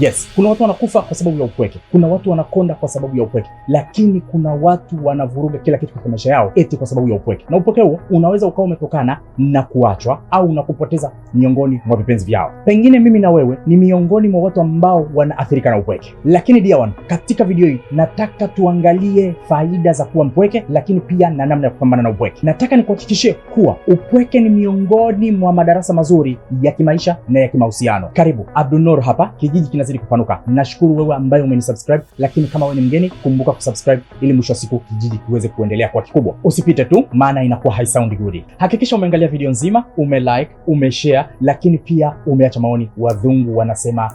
Yes, kuna watu wanakufa kwa sababu ya upweke, kuna watu wanakonda kwa sababu ya upweke, lakini kuna watu wanavuruga kila kitu katika maisha yao eti kwa sababu ya upweke, na upweke huo unaweza ukawa umetokana na kuachwa au na kupoteza miongoni mwa vipenzi vyao. Pengine mimi na wewe ni miongoni mwa watu ambao wanaathirika na upweke, lakini dear one, katika video hii nataka tuangalie faida za kuwa mpweke, lakini pia na namna ya kupambana na upweke. Nataka nikuhakikishie kuwa upweke ni miongoni mwa madarasa mazuri ya kimaisha na ya kimahusiano. Karibu Abdunnoor hapa kijiji inazidi kupanuka. Nashukuru wewe ambaye umenisubscribe, lakini kama wewe ni mgeni, kumbuka kusubscribe ili mwisho wa siku kijiji kiweze kuendelea kwa kikubwa. Usipite tu, maana inakuwa high sound good. Hakikisha umeangalia video nzima, umelike, umeshare, lakini pia umeacha maoni. wazungu wanasema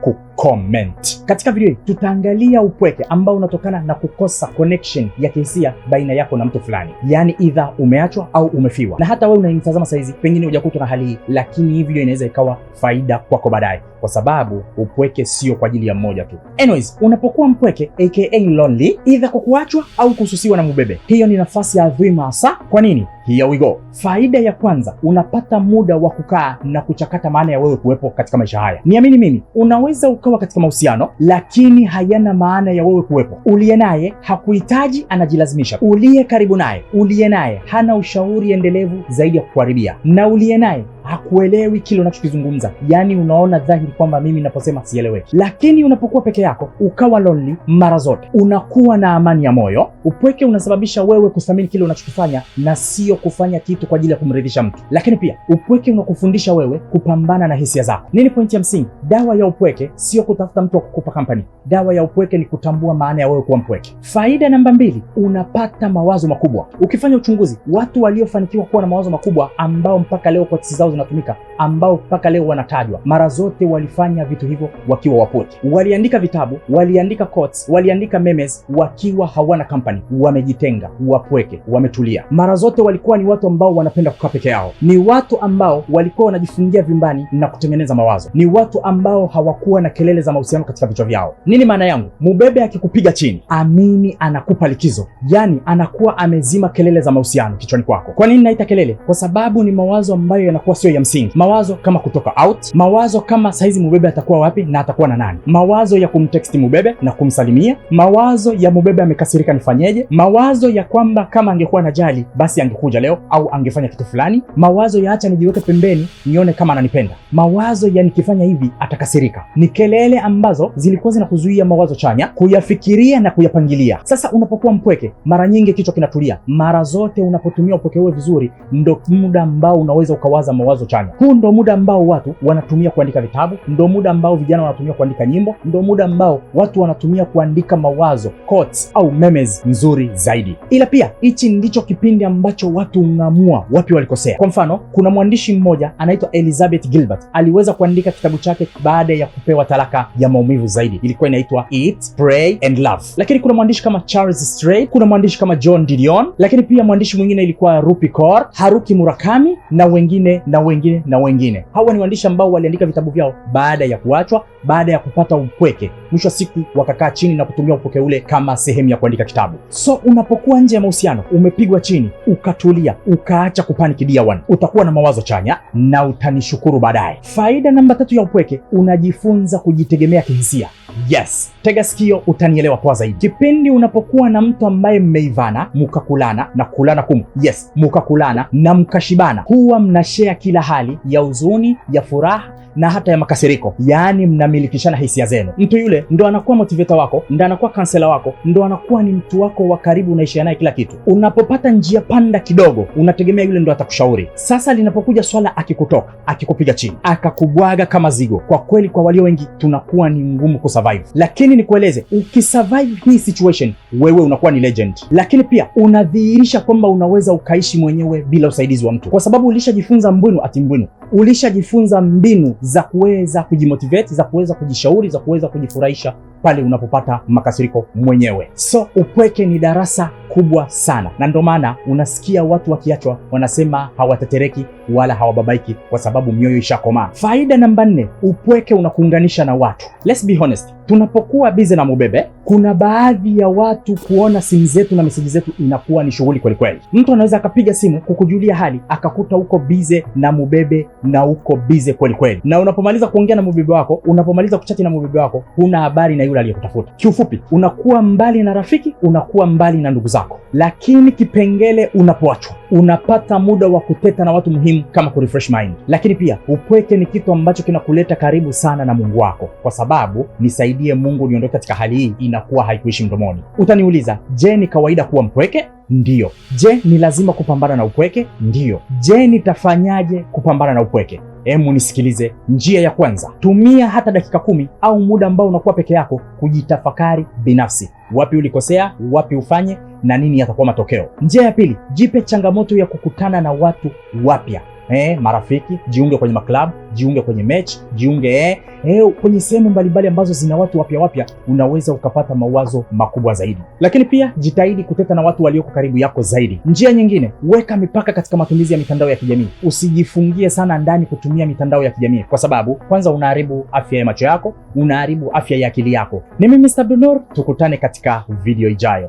kuku comment. Katika video hii tutaangalia upweke ambao unatokana na kukosa connection ya kihisia baina yako na mtu fulani, yaani idha umeachwa au umefiwa. Na hata wewe unanitazama saizi, pengine hujakutwa na hali hii, lakini hii video inaweza ikawa faida kwako baadaye, kwa sababu upweke sio kwa ajili ya mmoja tu. Anyways, unapokuwa mpweke aka lonely, idha kwa kuachwa au kususiwa na mubebe, hiyo ni nafasi ya adhima hasa. Kwa nini? Here we go. Faida ya kwanza, unapata muda wa kukaa na kuchakata maana ya wewe kuwepo katika maisha haya. Niamini mimi, unaweza uka mkawa katika mahusiano, lakini hayana maana ya wewe kuwepo. Uliye naye hakuhitaji, anajilazimisha. Uliye karibu naye, uliye naye hana ushauri endelevu zaidi ya kukuharibia, na uliye naye hakuelewi kile unachokizungumza, yaani unaona dhahiri kwamba mimi naposema sieleweki. Lakini unapokuwa peke yako ukawa lonely, mara zote unakuwa na amani ya moyo. Upweke unasababisha wewe kuthamini kile unachokifanya na sio kufanya kitu kwa ajili ya kumridhisha mtu. Lakini pia upweke unakufundisha wewe kupambana na hisia zako. Nini pointi ya msingi? Dawa ya upweke sio kutafuta mtu wa kukupa kampani. Dawa ya upweke ni kutambua maana ya wewe kuwa mpweke. Faida namba mbili, unapata mawazo makubwa. Ukifanya uchunguzi, watu waliofanikiwa kuwa na mawazo makubwa ambao mpaka leo kwa tisi zao unatumika ambao mpaka leo wanatajwa, mara zote walifanya vitu hivyo wakiwa wapote. Waliandika vitabu, waliandika quotes, waliandika memes wakiwa hawana company, wamejitenga, wapweke, wametulia. Mara zote walikuwa ni watu ambao wanapenda kukaa peke yao, ni watu ambao walikuwa wanajifungia vyumbani na kutengeneza mawazo, ni watu ambao hawakuwa na kelele za mahusiano katika vichwa vyao. Nini maana yangu? Mubebe akikupiga chini, amini anakupa likizo, yani anakuwa amezima kelele za mahusiano kichwani kwako. Kwa nini naita kelele? Kwa sababu ni mawazo ambayo yanakuwa sio ya msingi. Mawazo kama kutoka out, mawazo kama saizi Mubebe atakuwa wapi na atakuwa na nani, mawazo ya kumtext Mubebe na kumsalimia, mawazo ya Mubebe amekasirika nifanyeje, mawazo ya kwamba kama angekuwa na jali basi angekuja leo au angefanya kitu fulani, mawazo ya acha nijiweke pembeni nione kama ananipenda, mawazo ya nikifanya hivi atakasirika. Ni kelele ambazo zilikuwa zinakuzuia mawazo chanya kuyafikiria na kuyapangilia. Sasa unapokuwa mpweke, mara nyingi kichwa kinatulia. Mara zote unapotumia upweke huo vizuri, ndo muda ambao unaweza ukawaza mawazo mawazo chanya. Huu ndo muda ambao watu wanatumia kuandika vitabu, ndo muda ambao vijana wanatumia kuandika nyimbo, ndo muda ambao watu wanatumia kuandika mawazo quotes, au memes nzuri zaidi. Ila pia hichi ndicho kipindi ambacho watu ng'amua wapi walikosea. Kwa mfano, kuna mwandishi mmoja anaitwa Elizabeth Gilbert aliweza kuandika kitabu chake baada ya kupewa talaka ya maumivu zaidi, ilikuwa inaitwa Eat, Pray and Love. Lakini kuna mwandishi kama Charles Stray, kuna mwandishi kama John Didion, lakini pia mwandishi mwingine ilikuwa Rupi Kaur, Haruki Murakami na wengine na na wengine na wengine. Hawa ni waandishi ambao waliandika vitabu vyao baada ya kuachwa, baada ya kupata upweke. Mwisho wa siku wakakaa chini na kutumia upweke ule kama sehemu ya kuandika kitabu. So unapokuwa nje ya mahusiano, umepigwa chini, ukatulia, ukaacha kupaniki dia one, utakuwa na mawazo chanya na utanishukuru baadaye. Faida namba tatu ya upweke, unajifunza kujitegemea kihisia. Yes, tega sikio, utanielewa poa zaidi. Kipindi unapokuwa na mtu ambaye mmeivana mukakulana na kulana kumu, yes, mukakulana na mkashibana, huwa mnashea kila hali ya huzuni, ya furaha na hata ya makasiriko, yaani mnamilikishana hisia zenu. Mtu yule ndo anakuwa motivator wako, ndo anakuwa kansela wako, ndo anakuwa ni mtu wako wa karibu, unaishia naye kila kitu. Unapopata njia panda kidogo, unategemea yule ndo atakushauri. Sasa linapokuja swala akikutoka, akikupiga chini, akakubwaga kama zigo, kwa kweli, kwa walio wengi tunakuwa ni ngumu kusurvive, lakini nikueleze, ukisurvive hii situation, wewe unakuwa ni legend, lakini pia unadhihirisha kwamba unaweza ukaishi mwenyewe bila usaidizi wa mtu, kwa sababu ulishajifunza mbinu ati mbinu ulishajifunza mbinu za kuweza kujimotivate, za kuweza kujishauri, za kuweza kujifurahisha pale unapopata makasiriko mwenyewe. So upweke ni darasa kubwa sana, na ndio maana unasikia watu wakiachwa wanasema hawatetereki wala hawababaiki, kwa sababu mioyo ishakomaa. Faida namba nne, upweke unakuunganisha na watu. Let's be honest, tunapokuwa bize na mubebe, kuna baadhi ya watu kuona simu zetu na meseji zetu inakuwa ni shughuli kwelikweli. Mtu anaweza akapiga simu kukujulia hali akakuta uko bize na mubebe na uko bize kwelikweli, na unapomaliza kuongea na mubebe wako, unapomaliza kuchati na mubebe wako, huna habari na yule aliyekutafuta. Kiufupi, unakuwa mbali na rafiki, unakuwa mbali na ndugu zako, lakini kipengele unapoachwa, unapata muda wa kuteta na watu muhimu kama ku refresh mind. Lakini pia upweke ni kitu ambacho kinakuleta karibu sana na Mungu wako, kwa sababu nisaidie Mungu niondoke katika hali hii, inakuwa haikuishi mdomoni. Utaniuliza, je, ni kawaida kuwa mpweke? Ndiyo. Je, ni lazima kupambana na upweke? Ndiyo. Je, nitafanyaje kupambana na upweke? hemu nisikilize. Njia ya kwanza, tumia hata dakika kumi au muda ambao unakuwa peke yako kujitafakari binafsi, wapi ulikosea, wapi ufanye na nini yatakuwa matokeo. Njia ya pili, jipe changamoto ya kukutana na watu wapya eh, marafiki, jiunge kwenye maklabu, jiunge kwenye mechi, jiunge eh, eh, kwenye sehemu mbalimbali ambazo zina watu wapya wapya, unaweza ukapata mawazo makubwa zaidi. Lakini pia jitahidi kuteta na watu walioko karibu yako zaidi. Njia nyingine, weka mipaka katika matumizi ya mitandao ya kijamii. Usijifungie sana ndani kutumia mitandao ya kijamii, kwa sababu kwanza unaharibu afya ya macho yako, unaharibu afya ya akili yako. Ni mimi Mr. Abdunnoor, tukutane katika video ijayo.